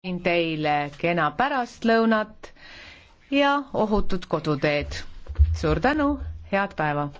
soovin teile kena pärastlõunat ja ohutut koduteed. suur tänu, head päeva!